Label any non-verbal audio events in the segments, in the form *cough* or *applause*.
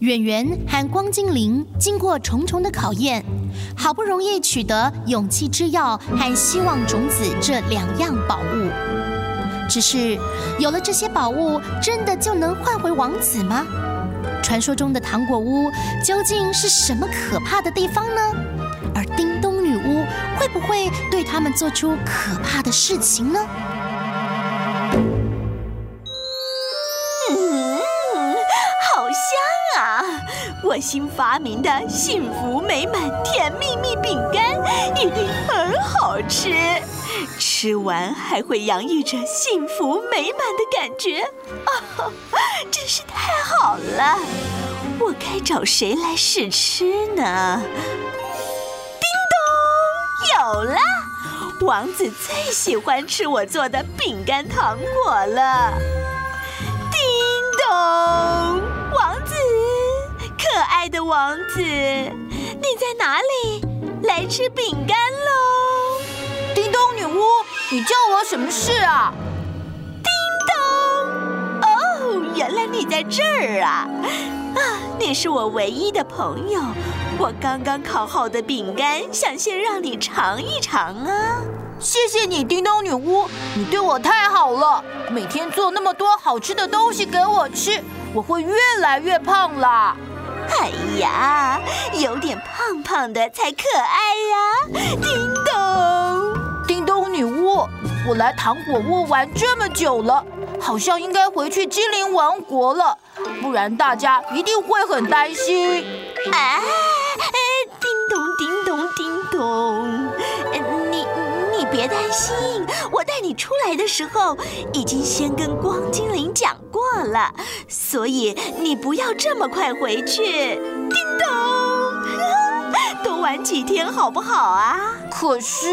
圓圓和光精靈經過重重的考驗，好不容易取得勇氣之藥和希望種子這兩樣寶物。只是，有了這些寶物，真的就能換回王子嗎？傳說中的糖果屋究竟是什麼可怕的地方呢？而叮咚女巫會不會對他們做出可怕的事情呢？我新發明的幸福美滿甜蜜蜜餅乾一定很好吃，吃完還會洋溢着幸福美滿的感覺，哦，真是太好了！我該找誰來試吃呢？叮咚，有了！王子最喜歡吃我做的餅乾糖果了。叮咚。可愛的王子，你在哪裡？來吃餅乾嘍！叮咚女巫，你叫我什麼事啊？叮咚，哦，原來你在這兒啊！啊，你是我唯一的朋友，我剛剛烤好的餅乾，想先讓你嘗一嘗啊！謝謝你，叮咚女巫，你對我太好了，每天做那麼多好吃的東西給我吃，我會越來越胖啦。哎呀，有點胖胖的才可愛呀。啊！叮咚，叮咚，女巫，我來糖果屋玩這麼久了，好像應該回去精靈王國了，不然大家一定會很擔心。啊！叮咚叮，叮咚，叮咚。別擔心，我帶你出來的時候，已經先跟光精靈講過了，所以你不要這麼快回去。叮咚，多玩幾天好不好啊？可是。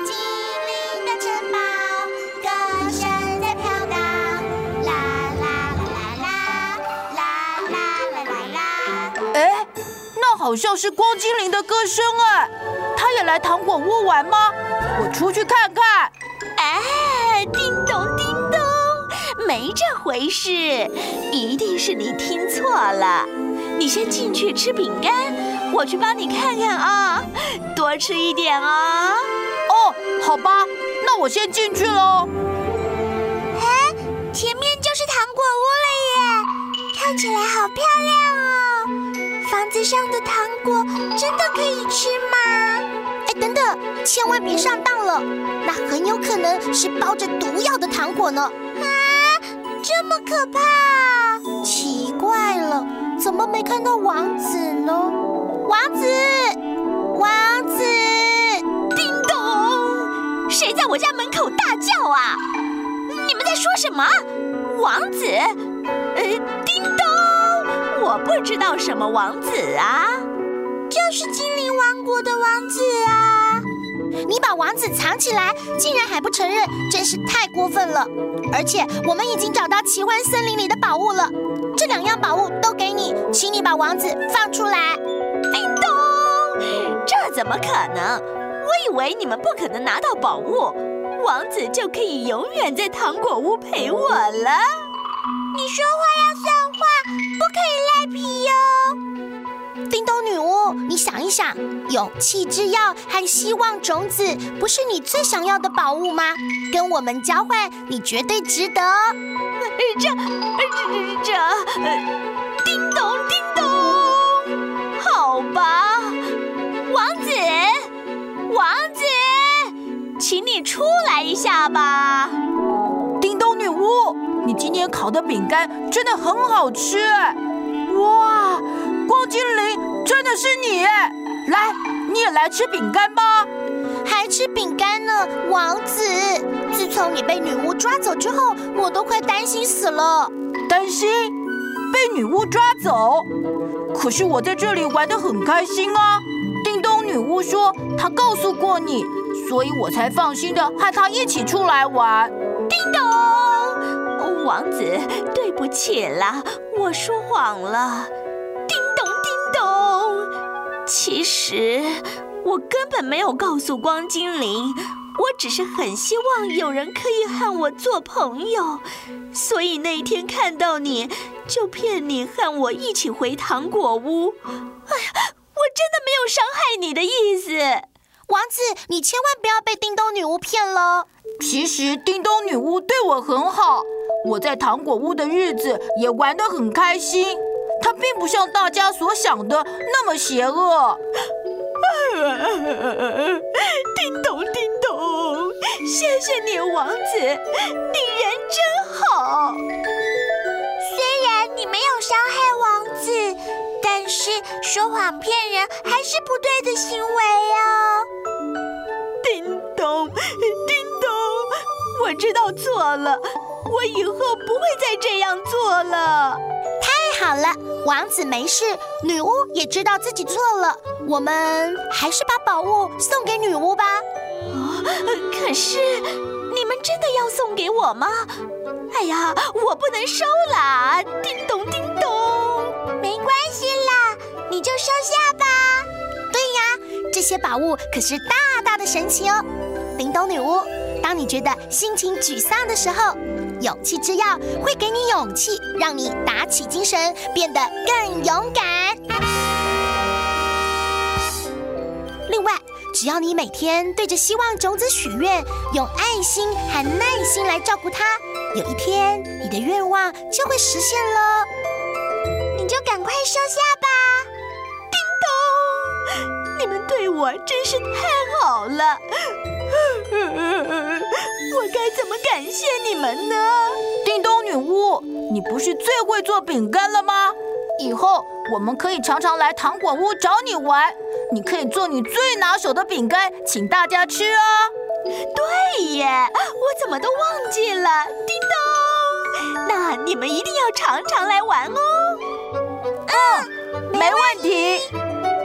精靈的城堡，歌聲在飄蕩，啦啦啦啦啦啦啦啦啦。哎，那好像是光精靈的歌聲哎、啊，他也來糖果屋玩嗎？我出去看看。哎、啊，叮咚叮咚，沒這回事，一定是你聽錯了。你先進去吃餅乾，我去幫你看看啊。多吃一點啊。哦，好吧，那我先進去嘍。哎，前面就是糖果屋了耶，看起來好漂亮哦。房子上的糖果真的可以吃嗎？千萬別上當了，那很有可能是包着毒藥的糖果呢！啊，這麼可怕啊！奇怪了，怎麼沒看到王子呢？王子，王子，叮咚，誰在我家門口大叫啊？你們在說什麼？王子？呃，叮咚，我不知道什麼王子啊，就是精靈王國的。王子藏起來，竟然還不承認，真是太過分了！而且我們已經找到奇幻森林裡的寶物了，這兩樣寶物都給你，請你把王子放出來。叮咚！這怎麼可能？我以為你們不可能拿到寶物，王子就可以永遠在糖果屋陪我了。你說話要算話，不可以賴皮喲。.想一想，勇氣之藥和希望種子不是你最想要的寶物嗎？跟我們交換，你絕對值得，哦，這。這這這……叮咚叮咚，好吧，王子王子，請你出來一下吧。叮咚女巫，你今天烤的餅乾真的很好吃哇，光精靈。真的是你！來，你也來吃餅乾吧。還吃餅乾呢，王子。自從你被女巫抓走之後，我都快擔心死了。擔心被女巫抓走？可是我在這裡玩得很開心啊。叮咚女巫說她告訴過你，所以我才放心的和她一起出來玩。叮咚，王子，對不起啦，我說謊了。其實，我根本沒有告訴光精靈，我只是很希望有人可以和我做朋友，所以那天看到你就騙你和我一起回糖果屋。哎呀，我真的沒有傷害你的意思，王子，你千萬不要被叮咚女巫騙了。其實，叮咚女巫對我很好，我在糖果屋的日子也玩得很開心。他並不像大家所想的那麼邪惡。啊，叮咚，叮咚，謝謝你，王子，你人真好。雖然你沒有傷害王子，但是說謊騙人還是不對的行為呀。哦，叮咚，叮咚，我知道錯了，我以後不會再這樣做了。好了，王子沒事，女巫也知道自己錯了。我們還是把寶物送給女巫吧。啊，可是，你們真的要送給我嗎？哎呀，我不能收啦！叮咚叮咚，沒關係啦，你就收下吧。對呀，這些寶物可是大大的神奇哦。叮咚女巫，當你覺得心情沮喪的時候，勇氣之藥會給你勇氣，讓你打起精神，變得更勇敢。啊、另外，只要你每天對着希望種子許願，用愛心和耐心來照顧它，有一天你的願望就會實現了。你就趕快收下吧。叮咚！你們對我真是太好了。 *laughs* 我該怎麼感謝你們呢？叮咚女巫，你不是最會做餅乾了嗎？以後我們可以常常來糖果屋找你玩，你可以做你最拿手的餅乾，請大家吃啊。對耶，我怎麼都忘記了，叮咚。那你們一定要常常來玩哦。嗯，沒問題。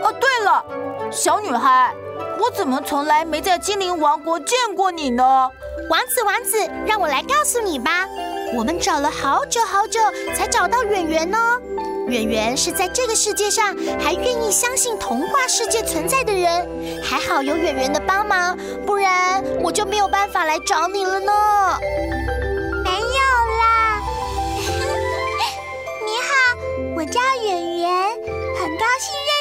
哦、啊，對了，小女孩，我怎麼從來沒在精靈王國見過你呢？王子，王子，讓我來告訴你吧。我們找了好久好久，才找到圓圓哦。圓圓是在這個世界上還願意相信童話世界存在的人。還好有圓圓的幫忙，不然我就沒有辦法來找你了呢。沒有啦。你好，我叫圓圓，很高興認識。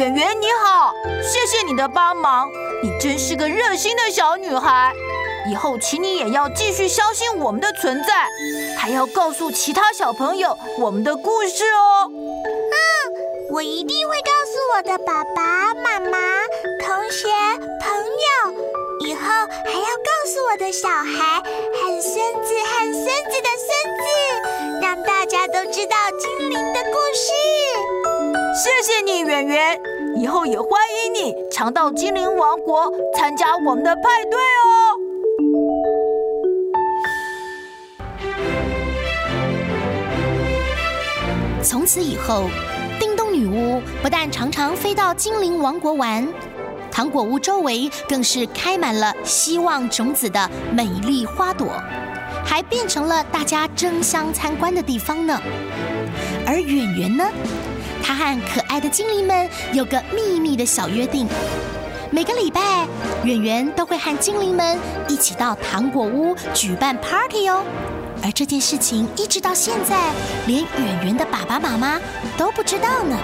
圓圓你好，謝謝你的幫忙，你真是個熱心的小女孩。以後請你也要繼續相信我們的存在，還要告訴其他小朋友我們的故事哦。嗯，我一定會告訴我的爸爸媽媽、同學、朋友，以後還要告訴我的小孩和孫子、和孫子的孫子，讓大家都知道精靈的故事。謝謝你，圓圓。以後也歡迎你常到精靈王國參加我們的派對哦。從此以後，叮咚女巫不但常常飛到精靈王國玩，糖果屋周圍更是開滿了希望種子的美麗花朵，還變成了大家爭相參觀的地方呢。而圓圓呢？他和可愛的精靈們有個秘密的小約定，每個禮拜，圓圓都會和精靈們一起到糖果屋舉辦 party 哦。而這件事情一直到現在，連圓圓的爸爸、媽媽都不知道呢。